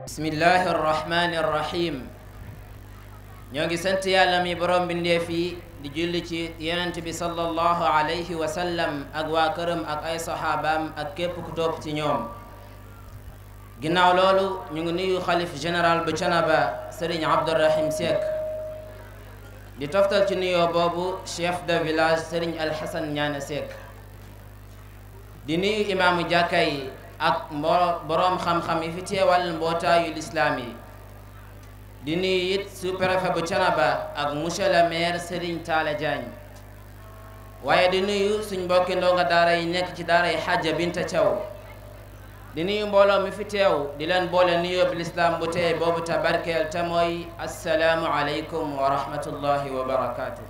بسم الله الرحمن الرحيم نيوغي سنت يا لامي بروم بن ديفي دي جولي صلى الله عليه وسلم اقوا كرم اك اي صحابام اك كيب كتوب تي نيوم غيناو لولو نيوغي نيو خليفه جنرال بوتشانابا سيرين عبد الرحيم سيك دي توفتال تي نيو بوبو شيف دو فيلاج سيرين الحسن نيانا سيك دي نيو امام جاكاي ak borom xam-xam yi fi teewal yu l'islam yi di nuyit it sous-préfet bu Thiénaba ak monsieur le maire Serigne Talla Diagne waaye di nuyu suñ mbokki ndonga daara yi nekk ci daara yi Hadja Binta Thiaw di nuyu mbooloo mi fi teew di leen boole nuyoo bi l'islam bu tey boobu te barkeel te mooy assalaamu aleykum wa rahmatullahi wa barakaatu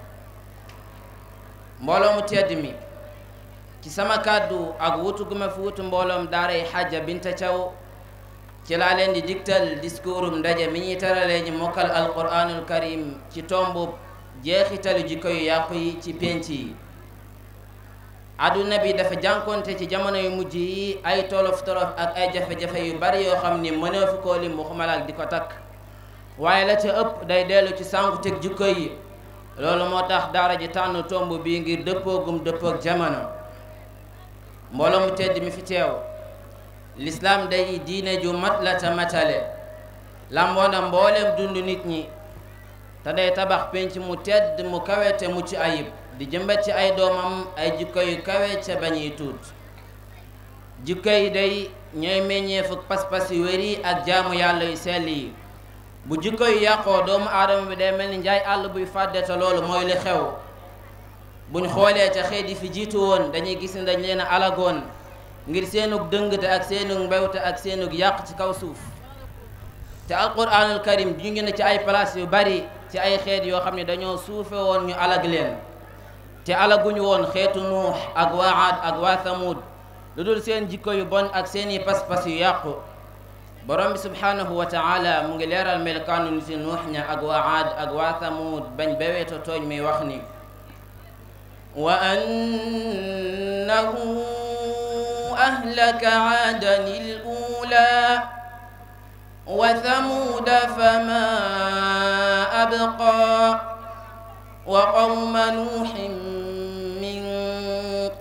mbooloo mu tedd mi ci sama kàddu ak wutu gu ma fi wutu mbooloom daaray Hajja Binta Thiaw ci laa leen di digtal discoursum ndaje mi ñuy teralee ñu mokkal alquranul karim ci tombu jeexitalu jikko yu yàqu yi ci pénc yi àdduna bi dafa jànkonte ci jamono yu mujj yi ay tolof-tolof ak ay jafe-jafe yu bari yoo xam ni mënoo fi koo lim waxumala ak di ko takk waaye la ca ëpp day dellu ci sànku teg yi loolu moo tax daara ji tànn tomb bi ngir dëppoogum dëppoog jamono mbooloo mu tedd mi fi teew lislaam day diine ju mat la ta matale làmboo na mbooleem dund nit ñi te day tabax pénc mu tedd mu kawe te mucc ayib di jëmbat ci ay doomam ay jikko yu kawe ca bañuy tuut jikko yi day ñooy meññeefug pas-pas yu wér ak jaamu yàlla yu sell yi bu jikko yu yàqoo doomu aadama bi day mel ni njaay àll buy fàdde loolu mooy li xew buñ xolé xoolee ca fi jitu won dañuy gis ni dañ leena alagon alagoon ngir seenug dëngte ak senuk mbewta ak senuk yàq ci kaw suuf te alquran karim ju ngi ne ci ay place yu bari ci ay xeet yo xamni ne suufe won ñu alag leen te alaguñu won xeetu nuux ak waad ak wa thamud dudul seen jikko yu bon ak seeni pass pass yu yaq borom subhanahu wa taala mu ngi leral melkanu ni si ña ak waad ak wa thamud bañ to tooñ mi wax ni وأنه أهلك عادا الأولى وثمود فما أبقى وقوم نوح من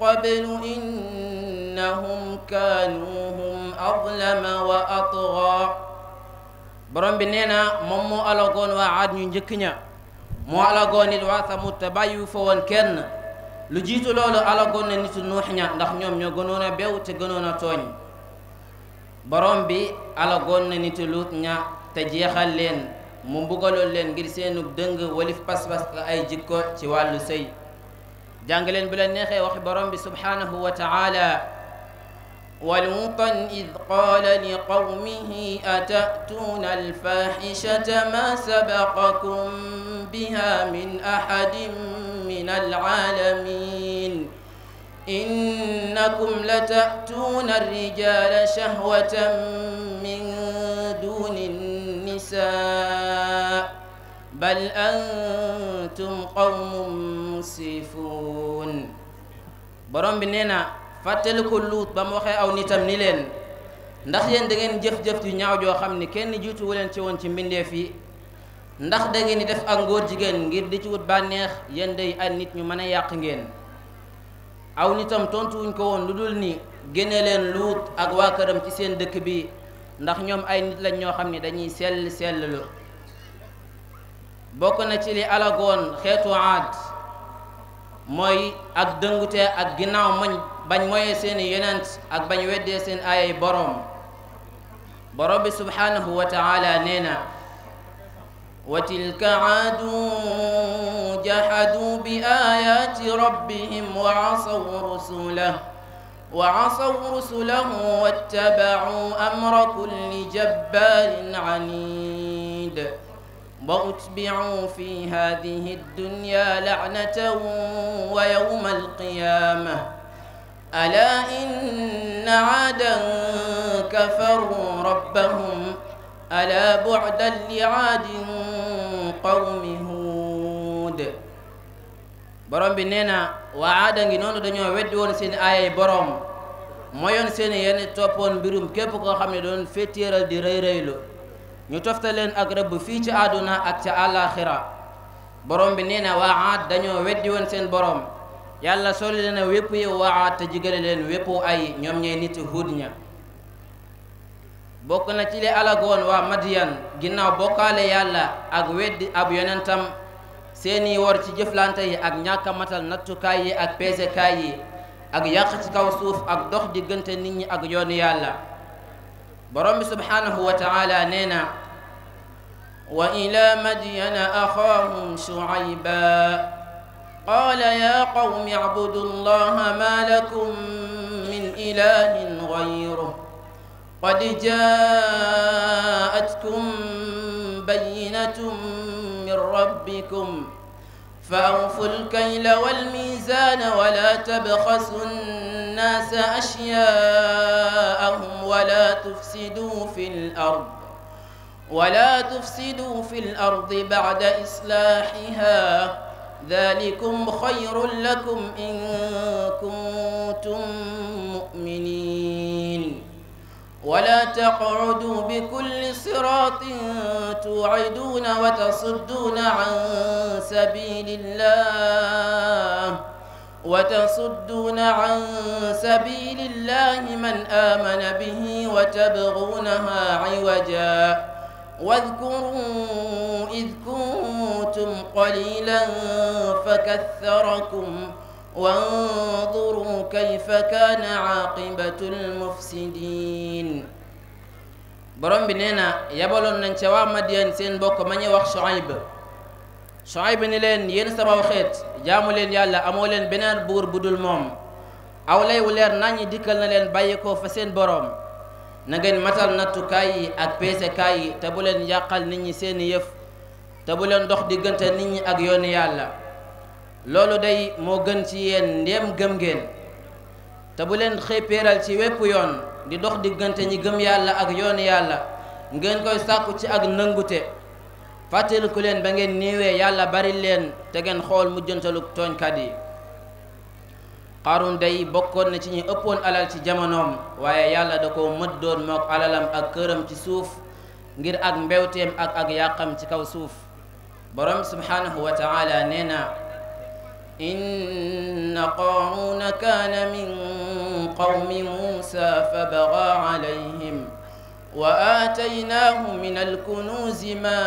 قبل إنهم كانوا هم أظلم وأطغى برم بنينا ممو ألغون وعاد نجكنا مو ألغون الواثم التبايو فوان كن lu jitu loolu alagoon na nitu nuh nya ndax ñom ñoo gënon na bew te gënon na togn borom bi alagoon na nitu lut nya te jexal len mu mbugaloon len ngir seenu deung walif pas-pas ay jikko ci walu sëy jàng len bu len nexé wax borom bi subhanahu wa taala ولوطا إذ قال لقومه أتأتون الفاحشة ما سبقكم بها من أحد من العالمين إنكم لتأتون الرجال شهوة من دون النساء بل أنتم قوم مسيفون برام بنينا فاتل كلوت بموخي أو نتم نيلين ndax yeen da ngeen jëf jëf ci ñaaw joo xam kenn jiitu wu ci woon ci mbindeef yi ndax da ngeen di def ak ngóor jigéen ngir di ci wut bànneex yéen dey ay nit ñu mën a yàq ngeen aw nitam tontuwuñ ko woon lu dul ni génne leen luut ak waa këram ci seen dëkk bi ndax ñoom ay nit lañ ñoo xam ni dañuy sell sell bokk na ci li alagoon xeetu aad mooy ak dëngute ak ginnaaw mañ bañ moyee seeni yonent ak bañ weddee seen aayay boroom borom bi subhaanahu wa taala nee na وتلك عاد جحدوا بآيات ربهم وعصوا رسله وعصوا رسله واتبعوا أمر كل جبار عنيد وأتبعوا في هذه الدنيا لعنة ويوم القيامة ألا إن عادا كفروا ربهم ۖ ألا بعدا لعاد قوم هود borom bi nee na waa aada ngi noonu dañoo weddi woon seen ayay borom moyoon seen yenn toppoon mbirum képp koo xam ne doon féetéeral di rëy rëylu ñu tofta ak rëbb fii ci àdduna ak ca àllaaxira borom bi nee na waa aad dañoo weddi woon seen borom yàlla soli leen waa aad te jigale leen wéppu ay ñoom bokna na ci li alagoon wa madian ginnaaw bokale yàlla ak weddi ab yonentam seni wor ci jëflante yi ak ñàkk matal matal kay yi ak kay yi ak yàq ci kaw suuf ak dox gënte nit ñi ak yoonu yàlla borom bi wa taala nena wa ila madian akhahum shuayba قال ya قوم اعبدوا الله ما لكم min ilahin غيره قد جاءتكم بينة من ربكم فأوفوا الكيل والميزان ولا تبخسوا الناس أشياءهم ولا تفسدوا في الأرض ولا تفسدوا في الأرض بعد إصلاحها ذلكم خير لكم إن كنتم مؤمنين ولا تقعدوا بكل صراط توعدون وتصدون عن سبيل الله وتصدون عن سبيل الله من آمن به وتبغونها عوجا واذكروا إذ كنتم قليلا فكثركم وانظروا كيف كان عاقبة المفسدين borom bi nee na yabaloon nañ ca waa Madiyan seen mbokk ma ñuy wax Shuayb Shuayb ni leen yéen sama xeet jaamu leen yàlla amoo leen beneen buur bu dul moom aw lay wu leer nañ ñi dikkal na leen bàyyi ko fa seen boroom na ngeen matal nattukaay yi ak peesekaay yi te bu leen yàqal nit ñi seeni yëf te bu leen dox diggante nit ñi ak yoonu yàlla loolu day moo gën ci yéen ndéem gëm geen te bu leen xëppéeral ci wépp yoon di dox diggante ñi gëm yàlla ak yoon yàlla ngeen koy sàkku ci ak nëngute fàttaliku leen ba ngeen néewee yàlla bari leen te ngeen xool mujjantalu tooñkat yi Xaaruun day bokkoon na ci ñi ëppoon alal ci jamonoom waaye yàlla da koo mëddoon mook alalam ak këram ci suuf ngir ak mbewteem ak ak yàqam ci kaw suuf borom subhaanahu wa taala nee na إن قارون كان من قوم موسى فبغى عليهم وآتيناه من الكنوز ما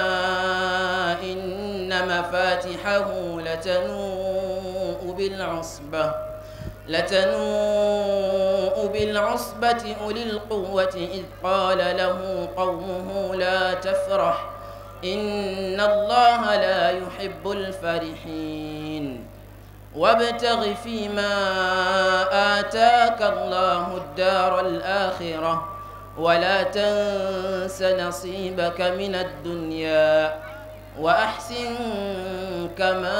إن مفاتحه لتنوء بالعصبة لتنوء بالعصبة أولي القوة إذ قال له قومه لا تفرح إن الله لا يحب الفرحين وابتغ فيما آتاك الله الدار الآخرة ولا تنس نصيبك من الدنيا وأحسن كما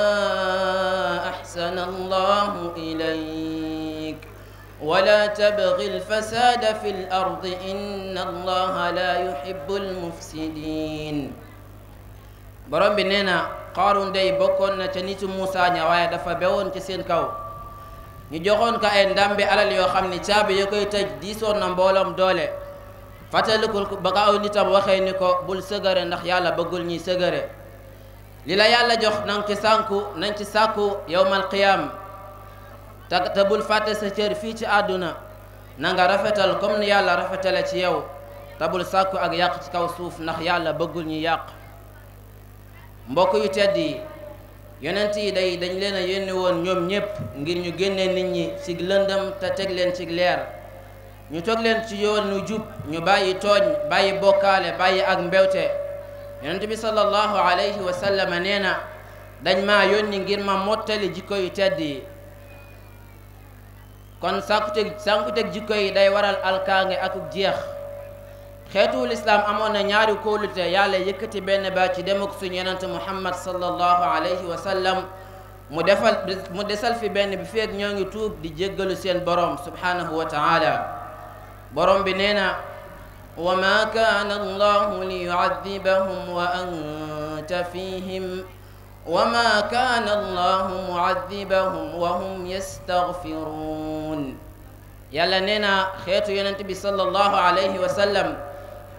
أحسن الله إليك ولا تبغ الفساد في الأرض إن الله لا يحب المفسدين برب نينا Qaaruun day bokkoon na ca nitu Muusa ña waaye dafa bewoon ca seen kaw ñu joxoon ko ay ndàmbi alal yoo xam ni caabi yoo koy tëj diisoon na mbooloom doole ko ba ko aw nitam waxee ni ko bul sëgëre ndax yàlla bëggul ñuy sëgëre li la yàlla jox nanga ci sànku nañ ci sàkku yowmal qiyaam te te bul fàtte sa cër fii ci àdduna na nga rafetal comme ni yàlla rafetale ci yow te bul sàkku ak yàq ci kaw suuf ndax yàlla bëggul ñuy yàq mbokk yu tedd yi yonent yi day dañ leen a yónni woon ñoom ñépp ngir ñu génne nit ñi ci lëndëm te teg leen ci leer ñu toog leen ci yoon nu jub ñu bàyyi tooñ bàyyi bokkaale bàyyi ak mbewte yonent bi sallallahu alayhi wa nee na dañ ma yónni ngir ma mottali jikko yu tedd yi kon sànkuteg sànkuteg jikko yi day waral alkaange ak jeex خيتو الإسلام أمونا نياري كولو تيالي يكتي بين باتي دموك سنينانت محمد صلى الله عليه وسلم مدسل في بين بفيق نيون يوتوب دي جيغلو سين بروم سبحانه وتعالى بروم بنينا وما كان الله ليعذبهم وأنت فيهم وما كان الله معذبهم وهم يستغفرون يلا نينا خيتو ينتبي صلى الله عليه وسلم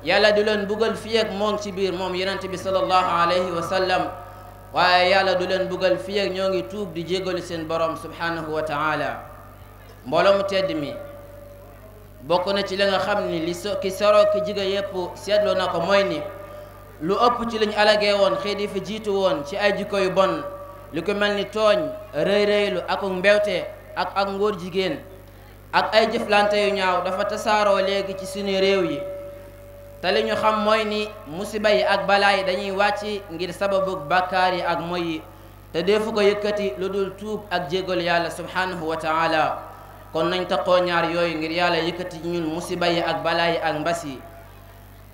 yàlla du leen buggal fi ak moo ci biir moom yonent bi sallallahu alayhi wa sallam waaye yàlla du leen buggal fii ak ñoo ngi tuub di jégalu seen borom subhanahu wa taala mbooloo mu tedd mi bokk na ci li nga xam ni li so ki soroo ki jiga yépp seetloo na ko mooy ni lu ëpp ci lañu alagee woon xëy di fi jiitu woon ci ay jikko yu bon lu ko mel ni tooñ rëy rëylu ak mbewte ak ak ngóor jigéen ak ay jëflante yu ñaaw dafa tasaaroo léegi ci suñu réew yi te ñu xam mooy ni musiba yi ak balaa yi dañuy wàcc ngir sababu bakkaar yi ak moy yi te defu ko yëkkati lu dul tuub ak jégal yàlla subhanahu wa taala kon nañ taqoo ñaar yooyu ngir yàlla yëkkati ñun musiba yi ak balaa yi ak mbas yi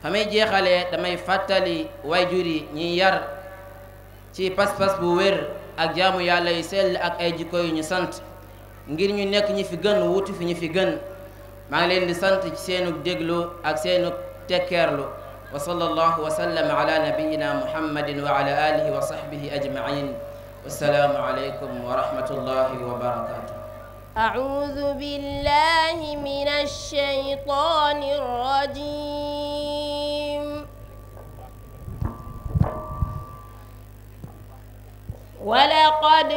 fa may jeexalee damay fàttali wayjur yi ñiy yar ci pas-pas bu wér ak jaamu yàlla yu sell ak ay jikko yu ñu sant ngir ñu nekk ñi fi gën wuutu fi ñu fi gën maa ngi leen di sant ci seenu déglu ak seenu تكير له وصلى الله وسلم على نبينا محمد وعلى آله وصحبه أجمعين والسلام عليكم ورحمة الله وبركاته أعوذ بالله من الشيطان الرجيم ولقد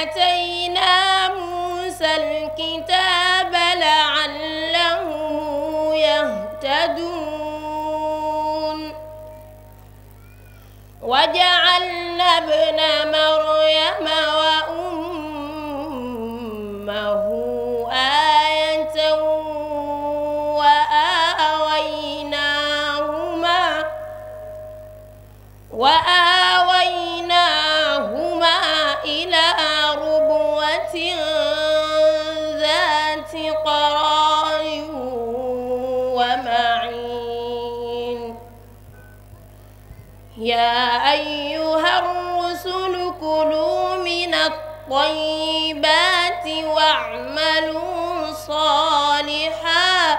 آتينا موسى الكتاب لعله يهتدون وجعلنا ابن مريم وأمه الطيبات واعملوا صالحا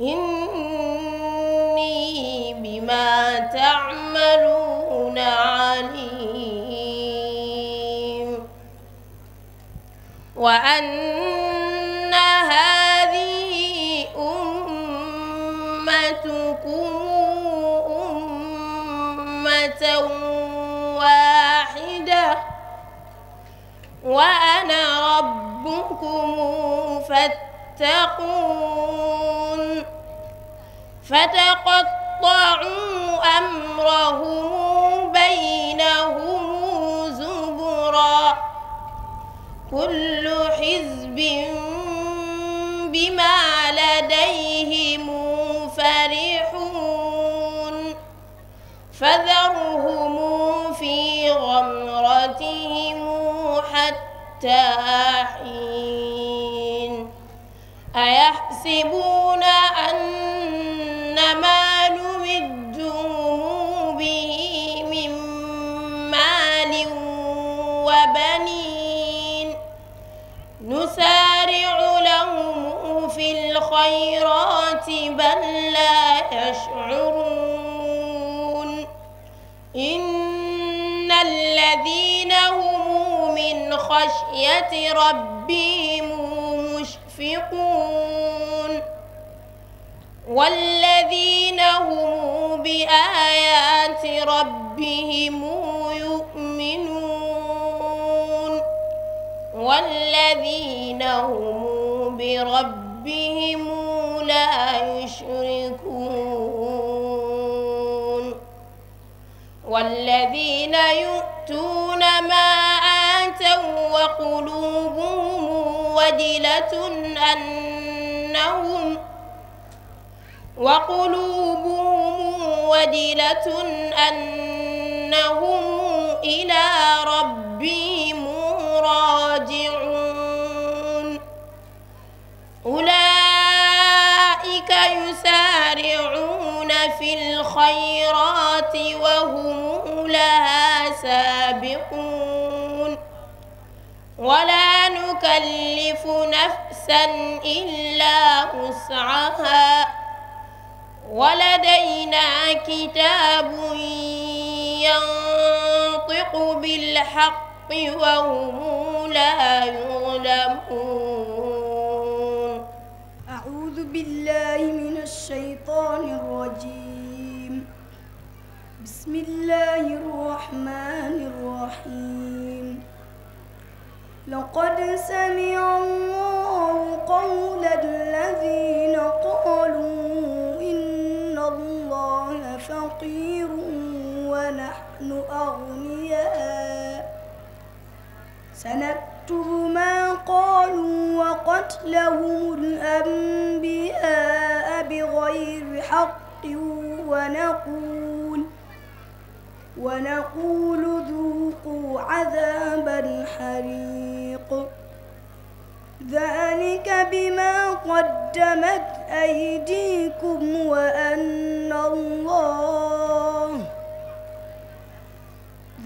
إني بما تعملون عليم وأن هذه أمتكم أمة وأنا ربكم فاتقون فتقطعوا أمرهم بينهم زبرا كل حزب بما لديهم فرحون فذرهم في غمرتهم حتى حين أيحسبون أن بربهم مشفقون والذين هم بآيات ربهم يؤمنون والذين هم بربهم لا يشركون والذين يؤتون ما وقلوبهم وجلة أنهم وقلوبهم وجلة أنهم إلى ربهم راجعون أولئك يسارعون في الخيرات وهم لها سابقون ولا نكلف نفسا إلا وسعها ولدينا كتاب ينطق بالحق وهم لا يظلمون أعوذ بالله من الشيطان الرجيم بسم الله الرحمن الرحيم لقد سمع الله قول الذين قالوا إن الله فقير ونحن أغنياء سنكتب ما قالوا وقتلهم الأنبياء بغير حق ونقول ونقول ذوقوا عذاب الحريق ذلك بما قدمت أيديكم وأن الله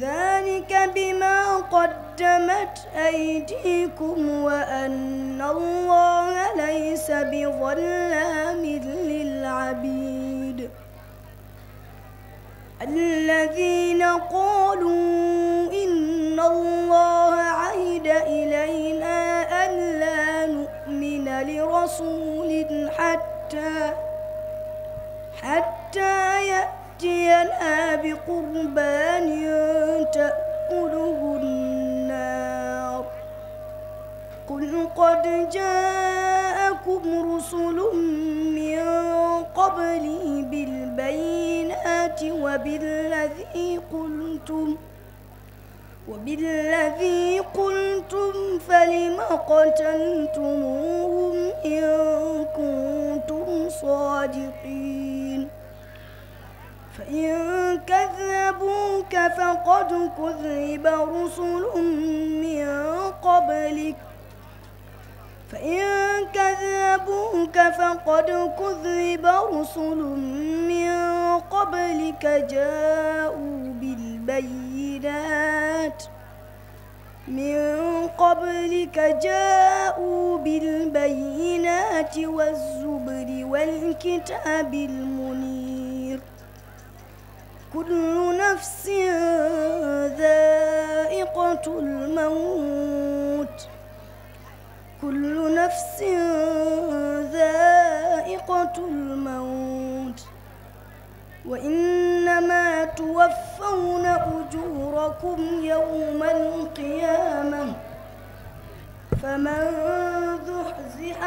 ذلك بما قدمت أيديكم وأن الله ليس بظلام للعبيد الذين قالوا إن الله عهد إلينا ألا نؤمن لرسول حتى حتى يأتينا بقربان تأكله النار قل قد جاءكم رسل من قبلي بالبينات وبالذي قلتم وبالذي قلتم فلم قتلتموهم إن كنتم صادقين فإن كذبوك فقد كذب رسل من قبلك فإن كذبوك فقد كذب رسل من قبلك جاءوا بالبينات من قبلك جاءوا بالبينات والزبر والكتاب المنير كل نفس ذائقة الموت كل نفس ذائقة الموت وإنما توفون أجوركم يوم القيامة فمن زحزح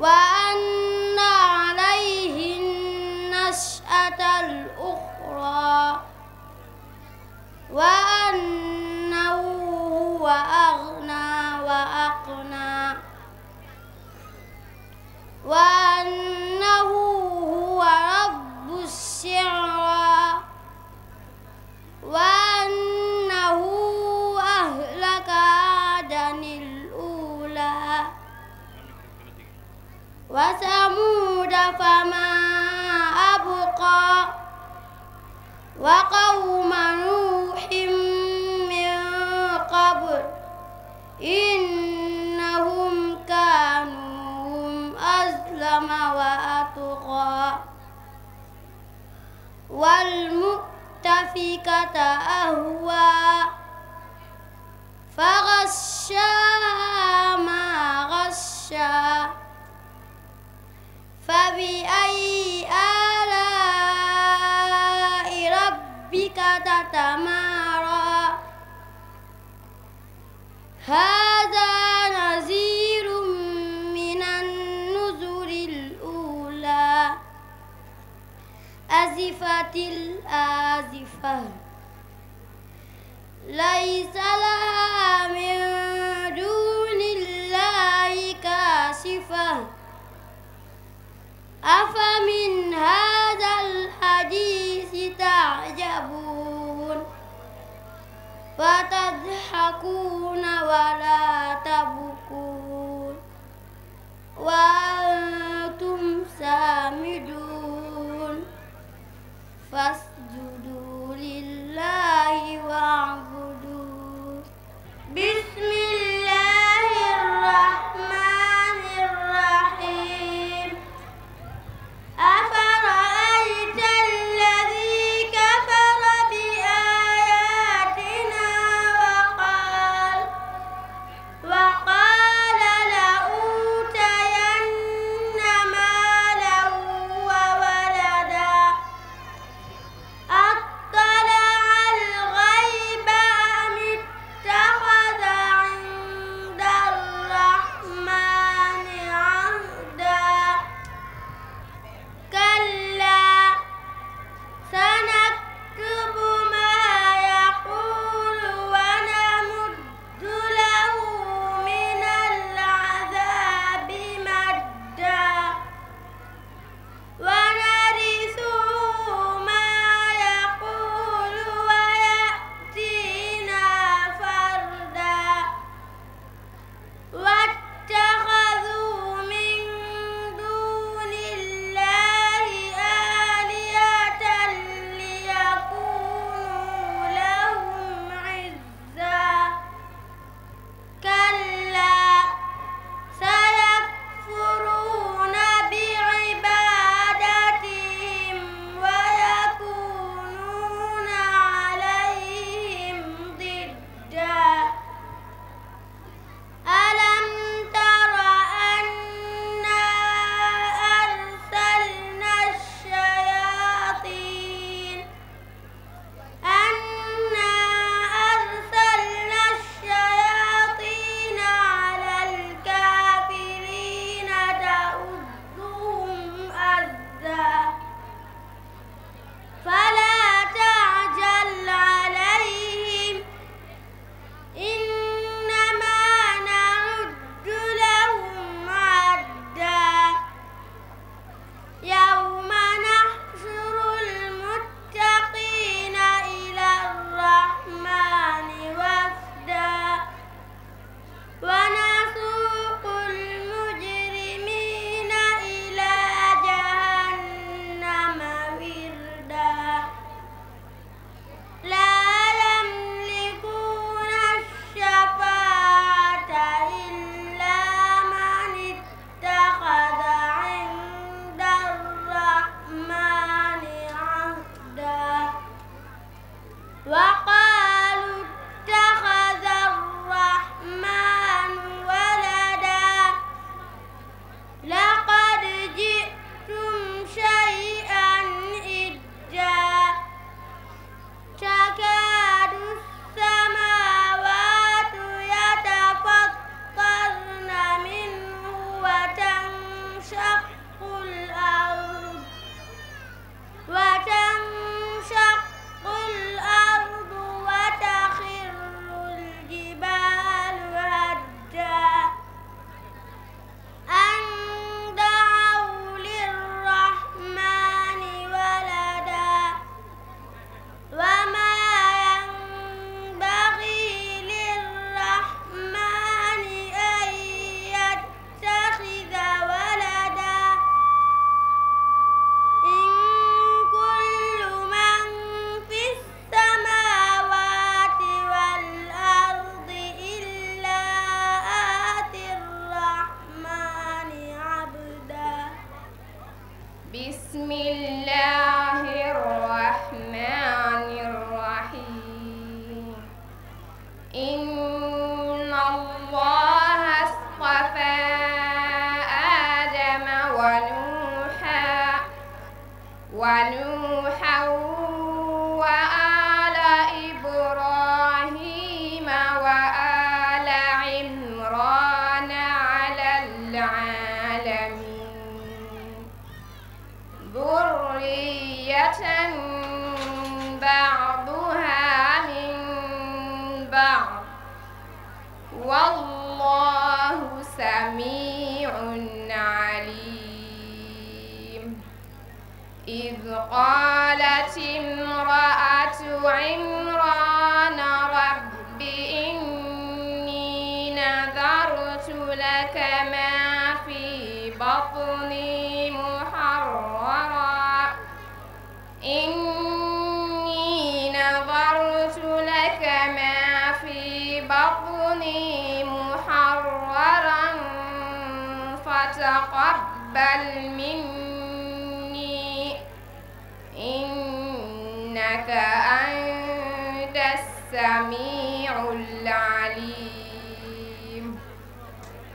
وأن عليه النشأة الأخرى وأن وثمود فما أبقى وقوم نوح من قبل إنهم كانوا أظلم وأتقى والمؤتفكة أهوى فغشى ما غشى فبأي آلاء ربك تتمارى هذا نذير من النذر الأولى أزفت الآزفة ليس لها من أفمن هذا الحديث تعجبون فتضحكون ولا تبكون وأنتم سامدون فاسجدوا لله واعبدوا بسم الله الرحمن لك في بطني محررا إني نظرت لك ما في بطني محررا فتقبل مني إنك أنت السميع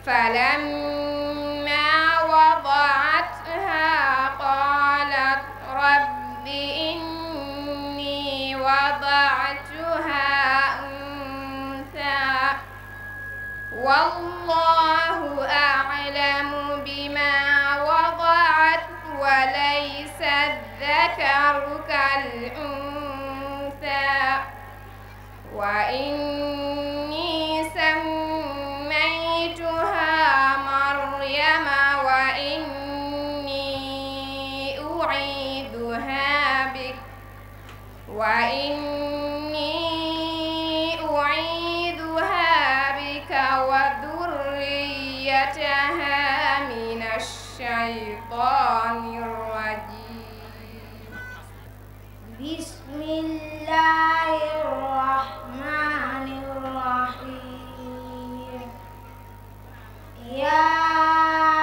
فلما وضعتها قالت رب إني وضعتها أنثى والله أعلم بما وضعت وليس الذكر كالأنثى وإني سميت وإني أعيذها بك وذريتها من الشيطان الرجيم بسم الله الرحمن الرحيم يا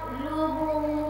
Globo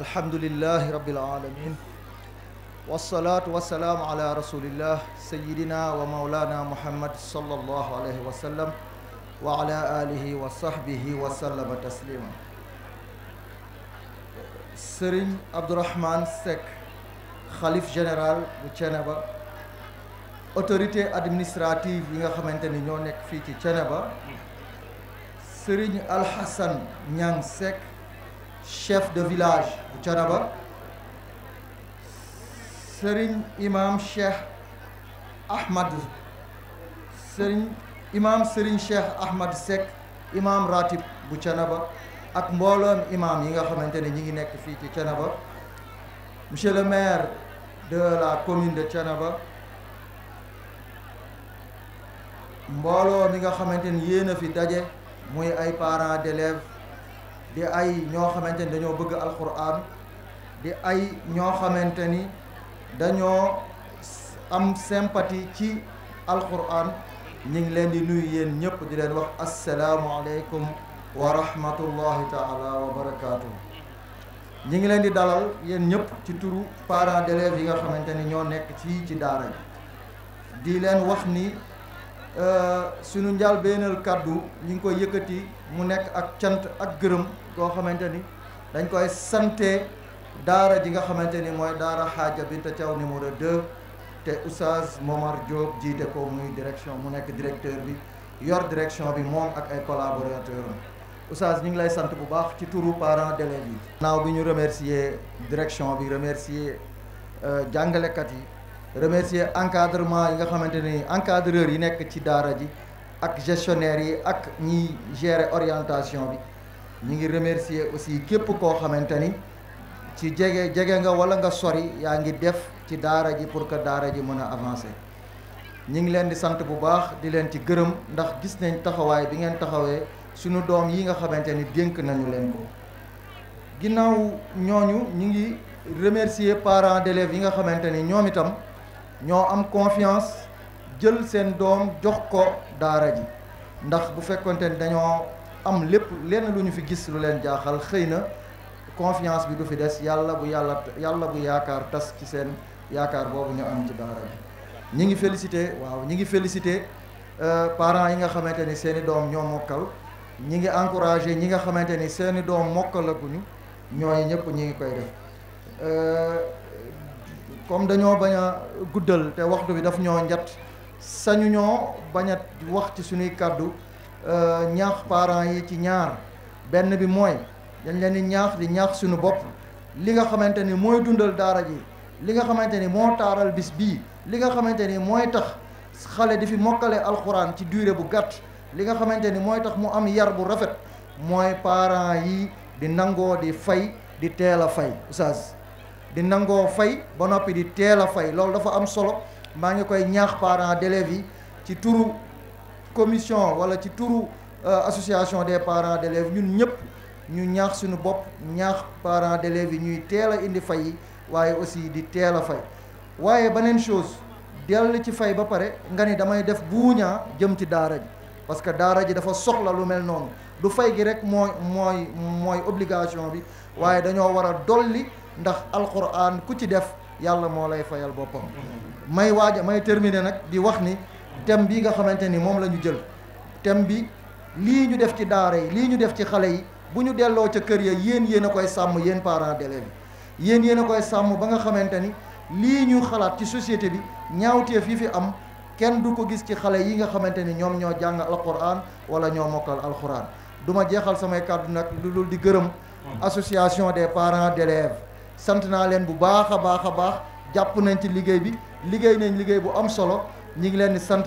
الحمد لله رب العالمين والصلاة والسلام على رسول الله سيدنا ومولانا محمد صلى الله عليه وسلم وعلى آله وصحبه وسلم تسليما سرين عبد الرحمن سك خليف جنرال بجنبا autorité administrative yi nga xamanteni ñoo nekk fii ci Thienaba Serigne Al Hassan Niang Sek chef de village de Thiénaba imam cheikh ahmad imam Serin cheikh ahmad Seck imam ratib bu imam yi nga ñi monsieur le maire de la commune de Thiénaba mbooloo mi nga train de fi parents d'élèves di ay ñoo xamante ni dañoo bëgg alquran di ay ñoo xamante ni dañoo am sympathie ci alquran ñu ngi leen di nuyu yéen ñëpp di leen wax asalaamualeykum wa rahmatullahi taala wa barakatuh. ñi ngi leen di dalal yéen ñëpp ci turu parents d'élèves yi nga xamante ñoo nekk ci daara di leen wax ni euh, sunu njaal beenal kaddu ñu ngi koy mu nekk ak cant ak gërëm goo xamante ni dañ koy sante daara ji nga xamante ni mooy daara xaaja Binta Thiaw numéro 2 te Oustaz Momar Diop jiite ko muy direction mu nekk directeur bi yor direction bi moom ak ay collaborateur ussage ñu ngi lay sant bu baax ci tour parent d'élèves yi naaw bi ñu remercier direction bi remercier euh, jàngalekat yi remercier encadrement yi nga xamante ni encadreur yi nekk ci daara ji ak gestionnaire yi ak ñiy gere orientation bi ñu ngi remercier aussi képp koo xamante ni ci jege jege nga walla nga sori yaa ngi def ci daara ji pour que daara ji mën a avancer ñu ngi leen di sant bu baax di leen ci gërëm ndax gis nañ taxawaay bi ngeen taxawee suñu doom yi nga xamante ni dénk nañu leen ko ginnaaw ñooñu ñu ngi remercier parents d'élèves yi nga xamante ni ñoom itam ñoo am confiance jël seen doom jox ko daara ji ndax bu fekkonte ni dañoo am lépp lenn lu ñu fi gis lu leen jaaxal xëy na confiance bi du fi des yàlla bu yàlla yàlla bu yaakaar tas ci seen yaakaar boobu ñu am ci daara bi ñi ngi félicité waaw ñu ngi félicité euh, parent yi nga xamante ni seen i doom ñoo mokkal ñi ngi encouragé ñi nga xamante ni seeni i doom mokkalaguñu ñooy ñëpp ñu ngi koy def euh, comme dañoo bañ a guddal te waxtu bi daf ñoo njat sañu ñoo bañ a wax ci suñuy kàddu euh, ñaax parents yi ci ñaar benn bi mooy dañ leen di ñaax di ñaax suñu bopp li nga xamante ni mooy dundal daara ji li nga xamante ni moo taaral bis bii li nga xamante ni mooy tax xale di fi mokkale alxuraan ci durée bu gàtt li nga xamante ni mooy tax mu am yar bu rafet mooy parents yi di nangoo di fay di teel a fay oustaz di nangoo fay ba noppi di teel a fay loolu dafa am solo maa ngi koy ñaax parent d'élèves yi ci turu commission wala ci turu euh, association des parents d'élèves ñun ñëpp ñu ñaax suñu bopp ñaax parent d'élèves yi ñuy teel a indi fay yi waaye aussi di teel a fay waaye beneen chose dell ci fay ba pare nga ni damay def buuñaa jëm ci daara ji parce que daara ji dafa soxla lu mel noonu du fay gi rek mooy mooy mooy obligation bi waaye dañoo war a dolli ndax alquran ku ci def yàlla moo lay fayal boppam may waaja may terminer nag di wax ni thème bi nga xamante ni moom la ñu jël thème bi lii ñu def ci daara yi lii ñu def ci xale yi bu ñu delloo ca kër ya yéen yéen a koy sàmm parents koy ba nga ñu xalaat ci société bi ñaawteef yi fi am kenn du ko gis ci xale yi nga xamante ni alquran wala ñoo mokal alquran du ma jeexal samay kàddu nag di gërëm association des parents d'élèves sant naa leen bu baax a baax a nañ ci bi ليجي نين ليجي بو أمسلو نيجلين السنت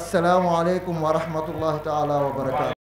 السلام عليكم ورحمة الله تعالى وبركاته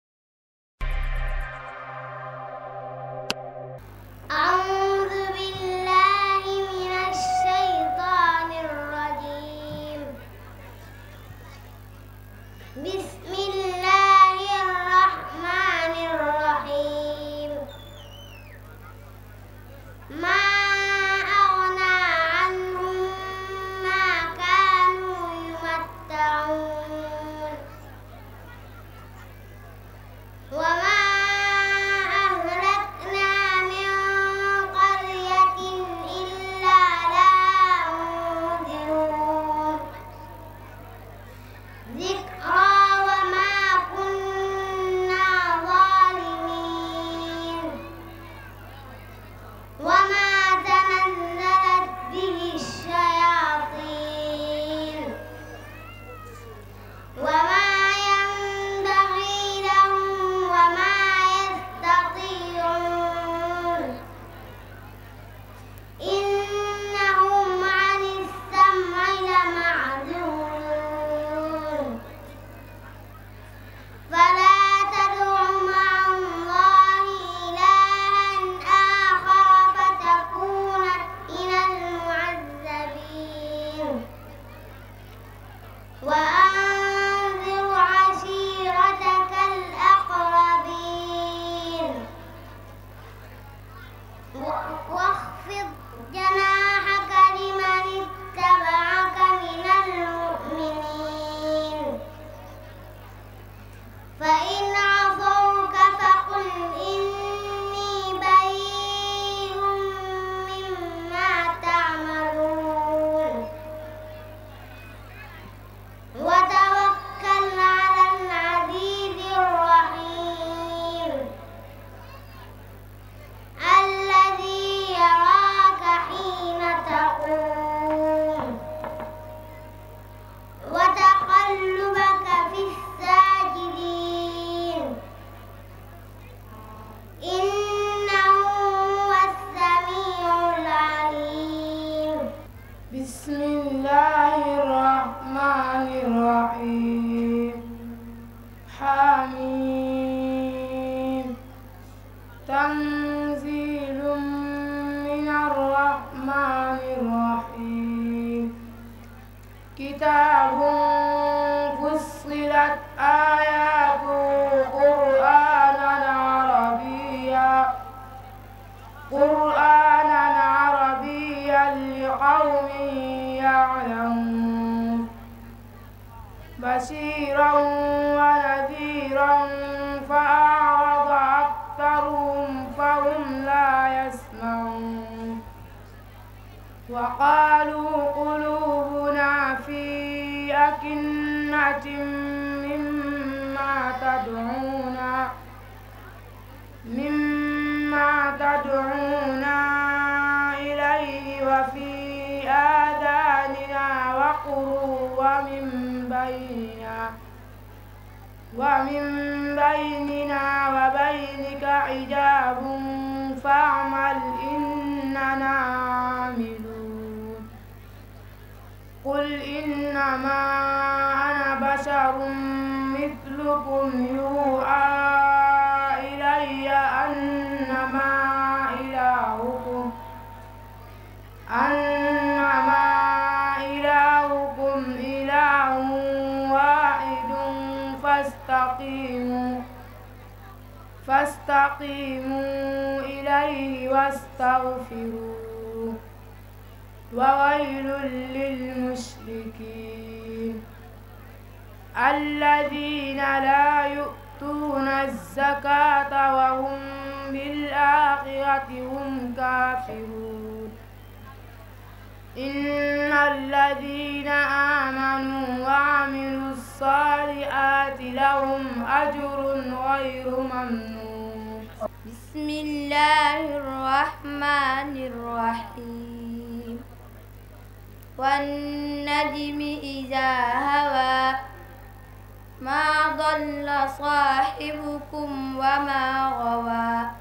خاسرون إن الذين آمنوا وعملوا الصالحات لهم أجر غير ممنون بسم الله الرحمن الرحيم والنجم إذا هوى ما ضل صاحبكم وما غوى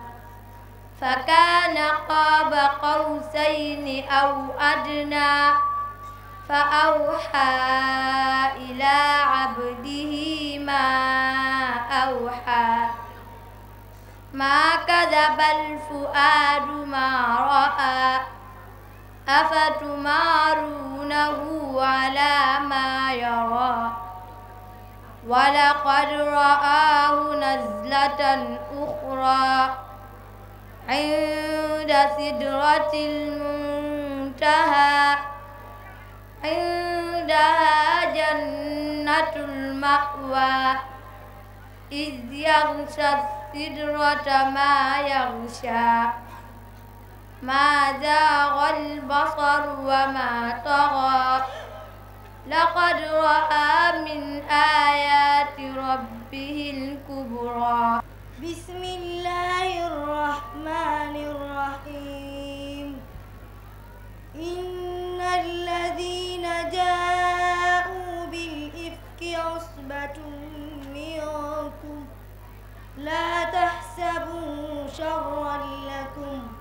فكان قاب قوسين أو أدنى فأوحى إلى عبده ما أوحى ما كذب الفؤاد ما رأى أفتمارونه على ما يرى ولقد رآه نزلة أخرى عند سدرة المنتهى عندها جنة المأوى إذ يغشى السدرة ما يغشى ما زاغ البصر وما طغى لقد رأى من آيات ربه الكبرى بسم الله الرحمن الرحيم إن الذين جاءوا بالإفك عصبة منكم لا تحسبوا شرا لكم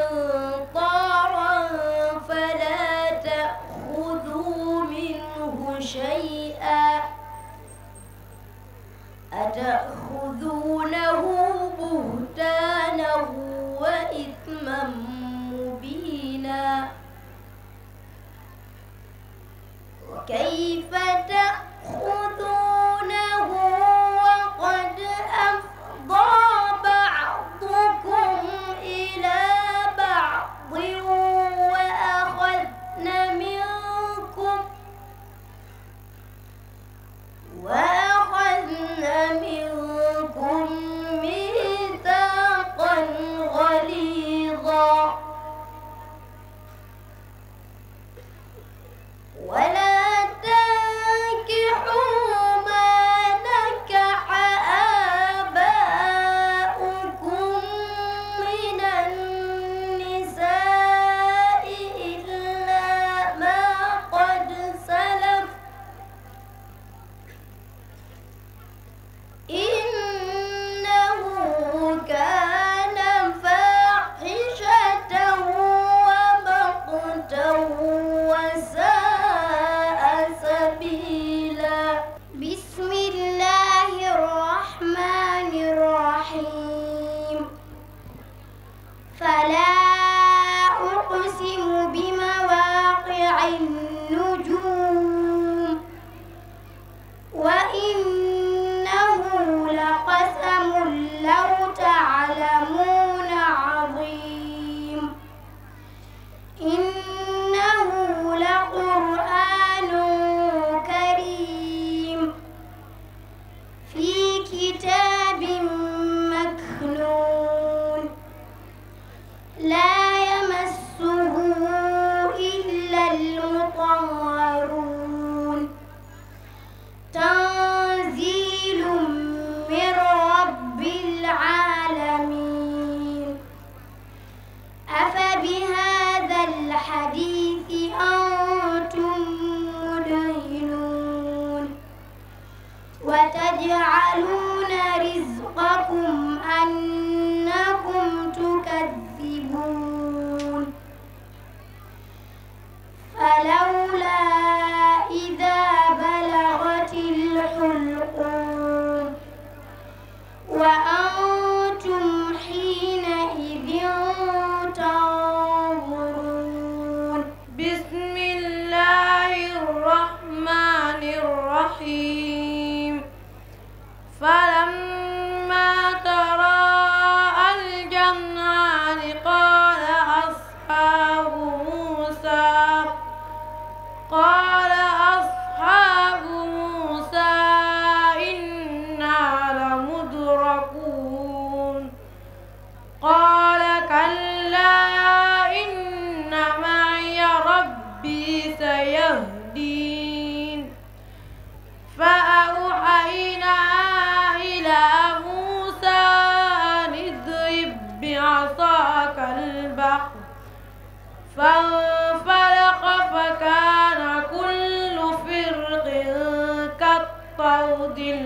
قنطارا فلا تأخذوا منه شيئا أتأخذون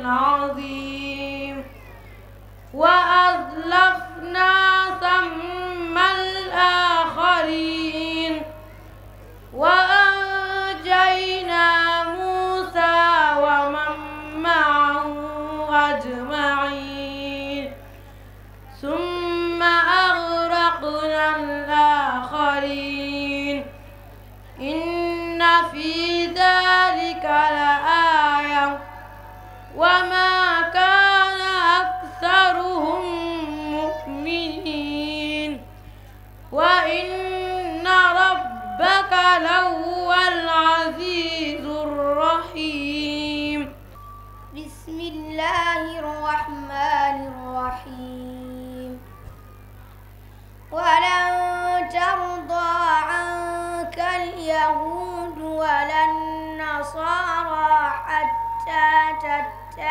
عظيم وأظلم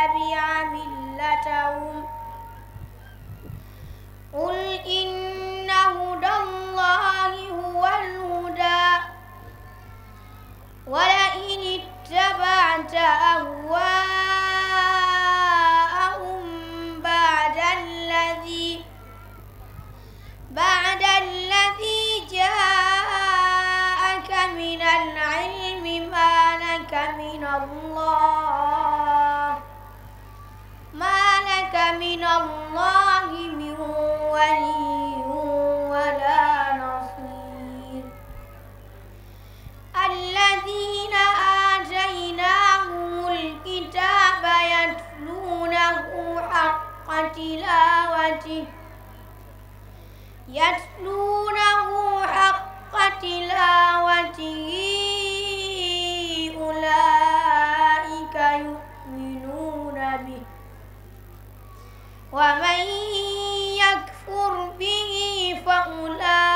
تتبع ملتهم قل إن هدى الله هو الهدى ولئن اتبعت أهواءهم تلاوته يتلونه حق تلاوته أولئك يؤمنون به ومن يكفر به فأولئك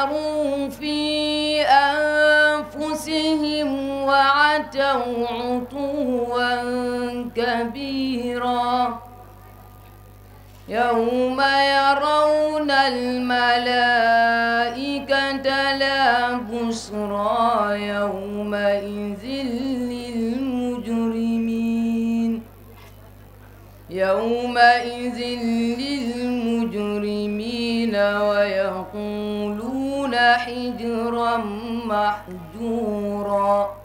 سخروا في أنفسهم وعتوا عتوا كبيرا يوم يرون الملائكة لا بشرى يومئذ للمجرمين يومئذ حجرا محجورا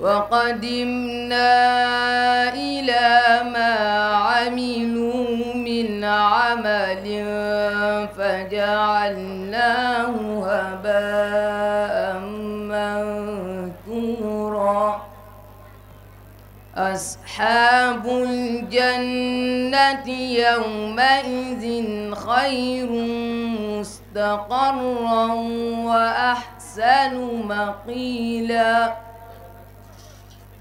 وقدمنا إلى ما عملوا من عمل فجعلناه هباء منثورا أصحاب الجنة يومئذ خير مستقيم مستقرا وأحسن مقيلا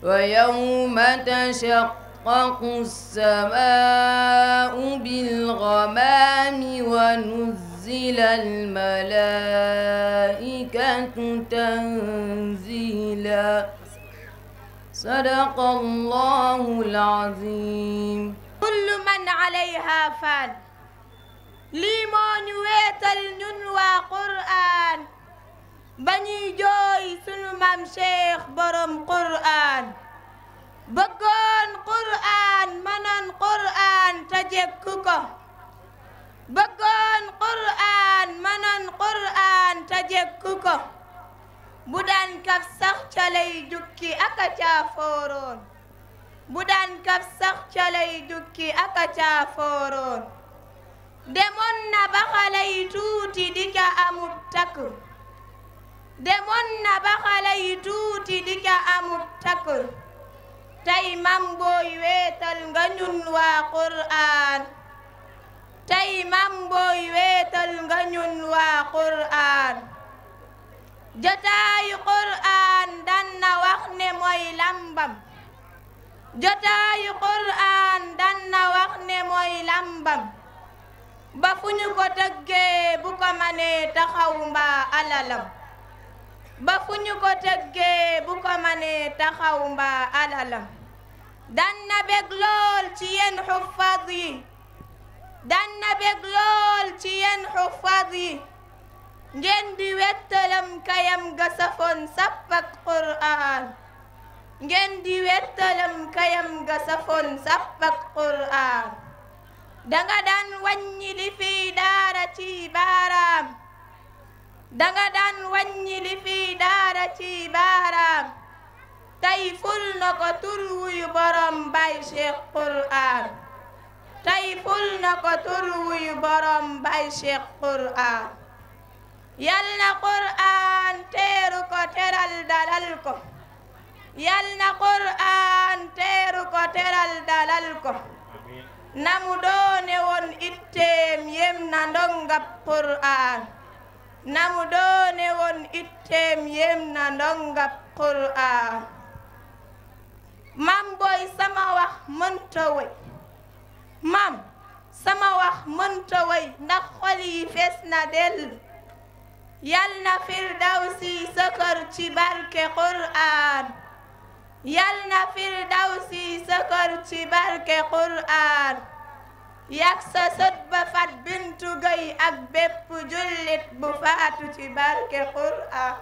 ويوم تشقق السماء بالغمام ونزل الملائكة تنزيلا صدق الله العظيم كل من عليها فان lii moo ñu weetal ñun waa qur'aan ba ñuy jooy sunu maam cheikh borom qur'aan bëggoon qur'aan mënoon qur'aan te jekk ko bëggoon qur'aan mënoon qur'aan te jekk ko bu daan kaf sax ca lay jukki aka caafooroon bu daan kaf sax ca lay jukki aka caafooroon demoon na ba xale yi tuuti di ca amub takk na ba xale yi tuuti di ca amub takk tey mam booy nga ñun waa Qur'an tey mam booy nga ñun waa Qur'an jotaayu Qur'an dan na wax ne mooy lambam jotaayu Qur'an dan na wax ne mooy lambam ba fu ñu ko tëggee bu ko manee taxaw mbaa alalam ba fu ñu ko tëggee bu ko manee taxaw mbaa alalam dan na lool ci yéen xuffaat yi dan na lool ci yéen xuffaat yi ngeen di wettalam kayam ga safoon sappak qur'aan ngeen di wettalam kayam ga safoon sappak qur'aan danga daan wàññi li fiy daara ci baaraam danga daan ko tur borom bay Cheikh Qur'an tey ful ko tur borom bay Cheikh Qur'an yal na teeru ko teral dalal ko yal na teeru ko teral dalal ko namu ɗone won itteem yemna ndongab qur'an namu ɗone won itteem yemna ndongab qur'an mam boy sama wax mënta woy mam sama wax mënta woy ndax xol yi na del yal na firdawsi sëkër ci barke qur'an yal na firdawsi ci barke qur'aan yak sa sët ak bépp bu faatu ci barke qur'aan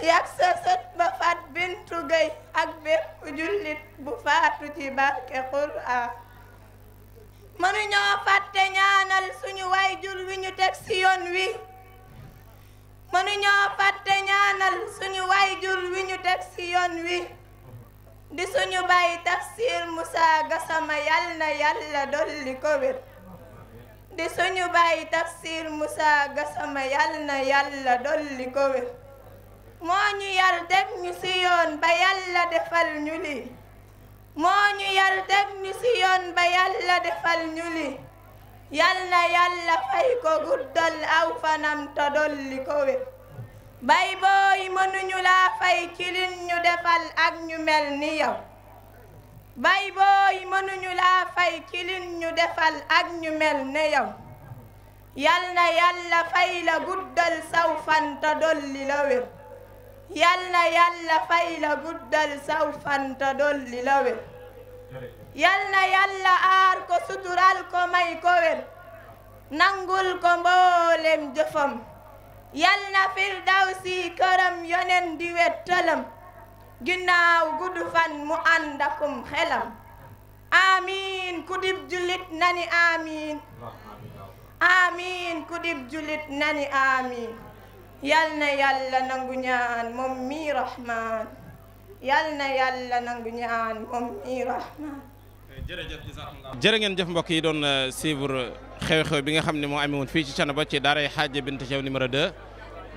yak sa sët ba fat bintu gëy ak bépp jullit bu faatu ci barke qur'aan mënuñoo fàtte ñaanal suñu waajur wi ñu teg ci yoon wi mënuñoo fàtte ñaanal suñu waajur wi ñu teg ci yoon wi di suñu bàyyi tafsir Moussa Gassama yal na yàlla dolli ko di suñu bàyyi tafsir Moussa Gassama yal na yàlla dolli ko wér moo ñu yar teg ñu ci yoon ba yàlla defal ñu lii moo ñu yar teg ñu ci yoon ba yàlla defal ñu lii yal na yàlla fay ko guddal aw fanam te dolli defal ak ñu mel ni yow bay booy mënuñu laa fay li ñu defal ak ñu mel ni yow na yàlla fay la guddal saw dolli la wér yal na yàlla fay la guddal saw fan te dolli la wér yàlla yàlla aar ko sutural ko may ko wér nangul ko mboolem jëfam yàlla firdawsi këram yonen di wettalam ginnaaw gudu fan mu àndakum xelam amiin ku dib julit nani amiin amiin yal na yàlla nangu ñaan moom mi rahmaan yal na yàlla nangu ñaan moom mi rahmaan jërëjëf jërë ngeen jëf mbokk yi doon euh, suivre xew-xew bi nga xam ne moo amee woon fii ci Thiénaba ci daaray Xaaja Bint Jaw numéro 2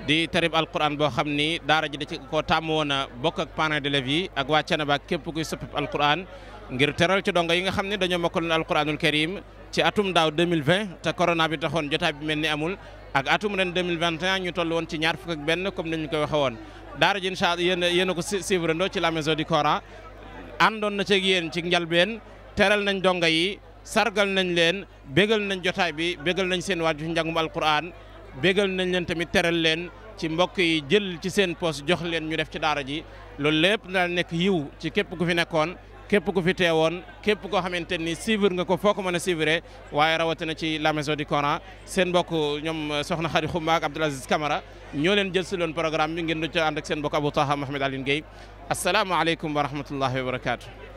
di tarib alquran boo xam ni daara ji da ci koo tàmm woon a bokk ak parents d'élèves yi ak waa Thiénaba képp kuy soppib alquran ngir teral ci dongo yi nga xam ne dañoo mokkaloon alquranul karim ci atum daaw 2020 te bi taxoon jotaay bi mel ni amul ak atum ren 2021 ñu toll woon ci ñaar fukk benn comme ni ñu ko waxee woon daara ji incha allah yéen a ko teral nañ donga yi sargal nañ leen bégal nañ jotaay bi bégal nañ seen waaju ci njàngum alquran bégal nañ leen tamit teral leen ci mbokk yi jël ci seen poos jox leen ñu def ci daara ji loolu lépp daal nekk yiw ci képp ku fi nekkoon képp ku fi teewoon képp koo xamante ni suivre nga ko foo ko mën a suivre waaye rawatina ci la maison du Coran seen mbokk ñoom soxna Khady Khoumba ak Abdoul Aziz Camara ñoo leen jël si loon programme bi ngeen doon ci ànd ak seen mbokk Abou Taha Mohamed Aline Gueye asalaamaaleykum wa rahmatullahi